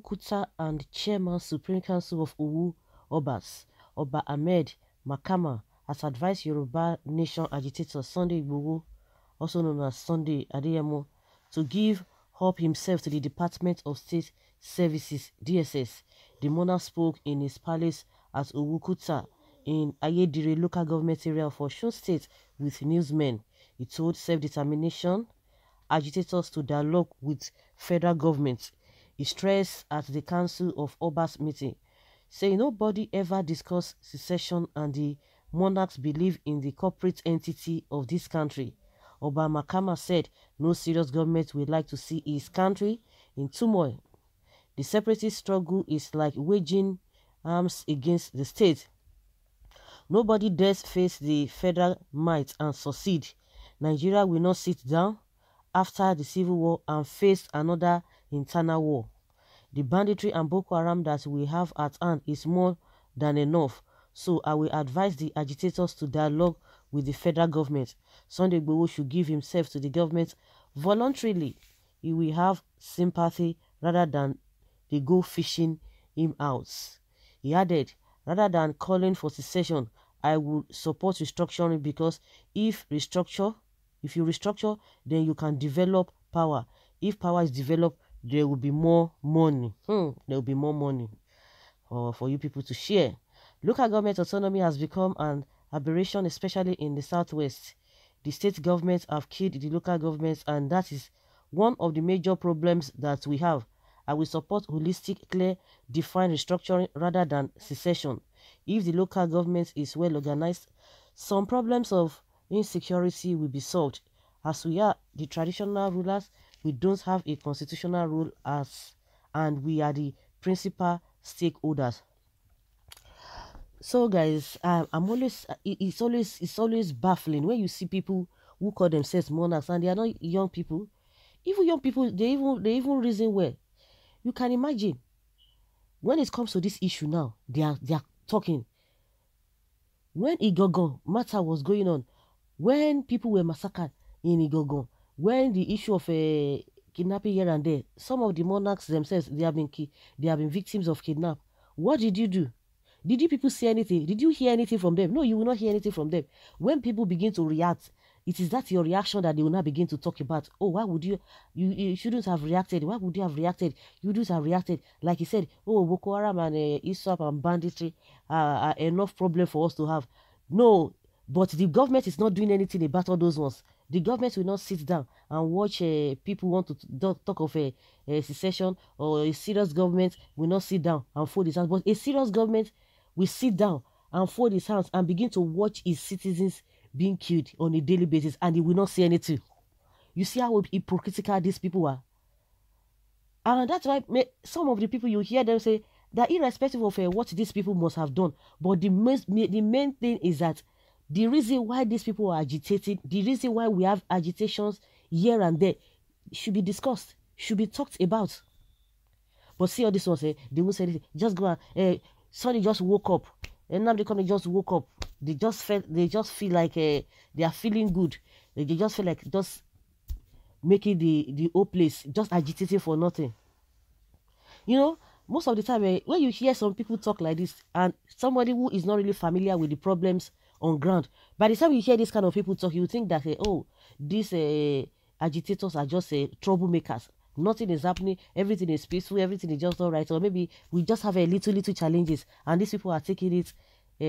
Kuta and Chairman Supreme Council of Owu Obas, Oba Ahmed Makama, has advised Yoruba Nation agitator Sunday Igboho, also known as Sunday Adeyemo, to give up himself to the Department of State Services DSS. The monarch spoke in his palace at Kuta in Ayedire local government area of Osun State with newsmen. He told self-determination agitators to dialogue with federal government. He stressed at the Council of Obas meeting, saying nobody ever discussed secession and the monarchs believe in the corporate entity of this country. Obama Kama said no serious government would like to see his country in turmoil. The separatist struggle is like waging arms against the state. Nobody dares face the federal might and succeed. Nigeria will not sit down after the civil war and face another internal war. The banditry and Boko Haram that we have at hand is more than enough, so I will advise the agitators to dialogue with the federal government. Sunday Igboho should give himself to the government voluntarily. He will have sympathy rather than they go fishing him out. He added, rather than calling for secession, I would support restructuring because if restructure, if you restructure, then you can develop power. If power is developed, there will be more money. Hmm, there will be more money uh, for you people to share. Local government autonomy has become an aberration, especially in the southwest. The state governments have killed the local governments, and that is one of the major problems that we have. I will support holistic, clear, defined restructuring rather than secession. If the local government is well organized, some problems of insecurity will be solved. As we are the traditional rulers, we don't have a constitutional role as and we are the principal stakeholders so guys um, i'm always uh, it's always it's always baffling when you see people who call themselves monarchs and they are not young people even young people they even they even reason well you can imagine when it comes to this issue now they are they are talking when Igogo matter was going on when people were massacred in Igogo when the issue of a eh, kidnapping here and there, some of the monarchs themselves, they have been they have been victims of kidnap. What did you do? Did you people see anything? Did you hear anything from them? No, you will not hear anything from them. When people begin to react, it is that your reaction that they will now begin to talk about. Oh, why would you, you, you shouldn't have reacted. Why would you have reacted? You just have reacted. Like he said, oh, Boko Haram and uh, ISWAP and banditry are, are enough problem for us to have. No, but the government is not doing anything about all those ones. The government will not sit down and watch uh, people want to talk of a, eh, a, eh, secession or a serious government will not sit down and fold his hands. But a serious government will sit down and fold his hands and begin to watch his citizens being killed on a daily basis and he will not say anything. You see how hypocritical these people are? And that's why some of the people you hear them say that irrespective of uh, what these people must have done, but the, most, the main thing is that the reason why these people are agitated, the reason why we have agitations here and there, should be discussed, should be talked about. But see all this one say, they won't say anything. Just go and, eh, sorry, just woke up. And eh, now they come, they just woke up. They just felt, they just feel like eh, they are feeling good. Eh, they just feel like just making the the whole place just agitating for nothing. You know, most of the time eh, when you hear some people talk like this, and somebody who is not really familiar with the problems on ground. By the time you hear this kind of people talk, you think that, eh, oh, these uh, agitators are just uh, troublemakers. Nothing is happening. Everything is peaceful. Everything is just all right. Or maybe we just have a little, little challenges. And these people are taking it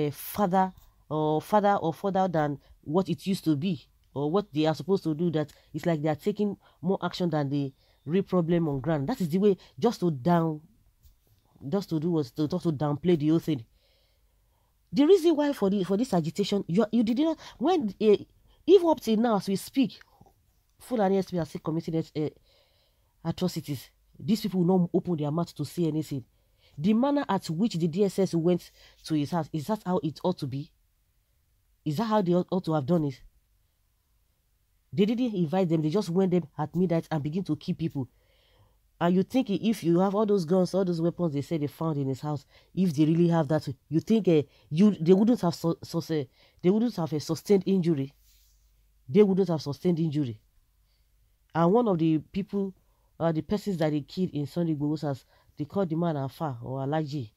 uh, further or further or further than what it used to be or what they are supposed to do that it's like they are taking more action than the real problem on ground that is the way just to down just to do was to, just to downplay the whole thing the reason why for the, for this agitation, you you did not when uh, eh, even up till now as we speak, full and yes we are still committing uh, eh, atrocities. These people will not open their mouth to say anything. The manner at which the DSS went to his house is that how it ought to be? Is that how they ought to have done it? They didn't invite them. They just went them at midnight and begin to kill people. And you think eh, if you have all those guns, all those weapons they say they found in his house, if they really have that, you think uh, you they wouldn't have su-, eh, they wouldn't have a sustained injury. They wouldn't have sustained injury. And one of the people, uh, the persons that they killed in Sunday Goes as they called the man Afa or Alaji,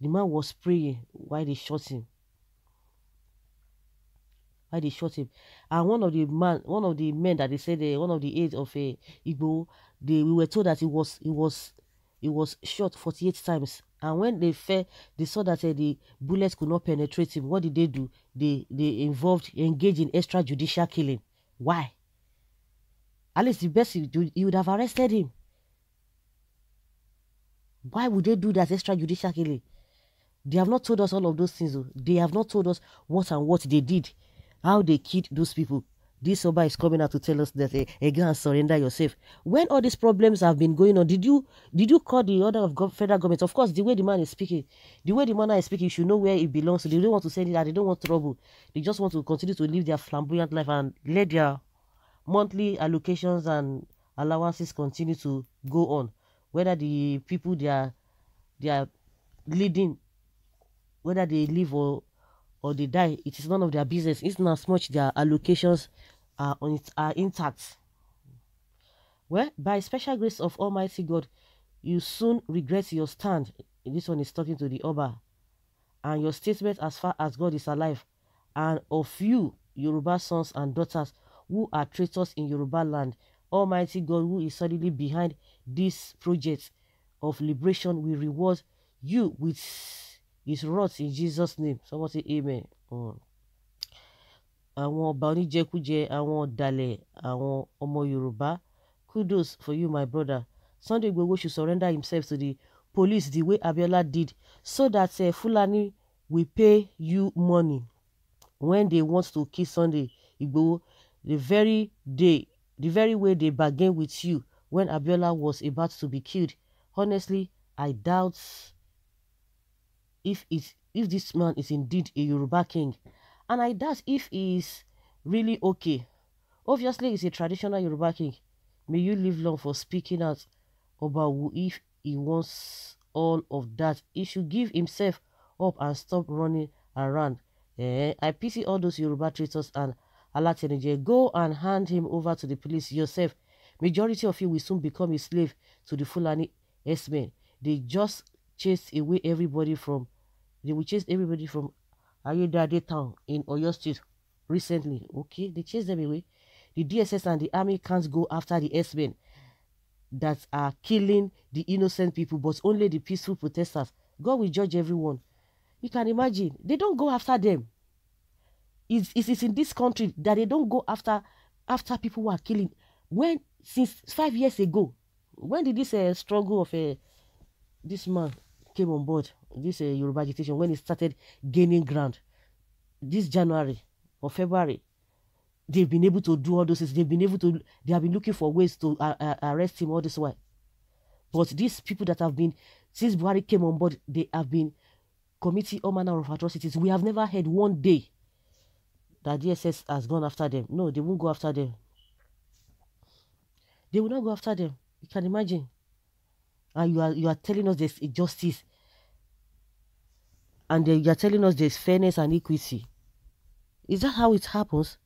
the man was praying while they shot him why they shot him. And one of the man, one of the men that they said, uh, one of the aides of a uh, eh, Igbo, they we were told that he was he was he was shot 48 times. And when they fell, they saw that uh, the bullets could not penetrate him. What did they do? They they involved engaged in extrajudicial killing. Why? At least the best you, you would have arrested him. Why would they do that extrajudicial killing? They have not told us all of those things. Though. They have not told us what and what they did how they killed those people. This Oba is coming out to tell us that, hey, eh, eh, hey go and surrender yourself. When all these problems have been going on, did you did you call the order of federal government? Of course, the way the man is speaking, the way the man is speaking, you should know where it belongs. They don't want to send it out. They don't want trouble. They just want to continue to live their flamboyant life and let their monthly allocations and allowances continue to go on. Whether the people they are, they are leading, whether they live or or they die, it is none of their business. It's not as much their allocations are, on it, are intact. Well, by special grace of Almighty God, you soon regret your stand. This one is talking to the Oba. And your statement as far as God is alive. And of you, Yoruba sons and daughters, who are traitors in Yoruba land, Almighty God, who is solidly behind this project of liberation, will reward you with it rot in Jesus name someone say amen mm. àwọn ọba oníjẹkújẹ àwọn ọ̀dàlẹ̀ àwọn ọmọ Yorùbá kudos for you my brother Sunday Igboho should surrender himself to the police the way Abiola did so that uh, Fulani will pay you money when they want to kill Sunday Igboho the very day the very way they bargain with you when Abiola was about to be killed honestly I doubt if is if this man is indeed a Yoruba king, and I doubt if he is really okay. Obviously, he's a traditional Yoruba king. May you live long for speaking out about who if he wants all of that. He should give himself up and stop running around. Eh? I pity all those Yoruba traitors and Alatenije. Go and hand him over to the police yourself. Majority of you will soon become a slave to the Fulani S-men. They just chase away everybody from they will chase everybody from Ayodade town in Oyo State recently. Okay, they chase them away. The DSS and the army can't go after the S-men that are killing the innocent people, but only the peaceful protesters. God will judge everyone. You can imagine. They don't go after them. It's, it's, in this country that they don't go after after people who are killing. When since five years ago, when did this uh, struggle of uh, this man came on board, this uh, Yoruba agitation, when it started gaining ground, this January or February, they've been able to do all those things. They've been able to, they have been looking for ways to uh, uh, arrest him all this while. But these people that have been, since Buhari came on board, they have been committing all manner of atrocities. We have never had one day that DSS has gone after them. No, they won't go after them. They will not go after them. You can imagine. And you are you are telling us there's injustice and you're telling us there's fairness and equity. Is that how it happens?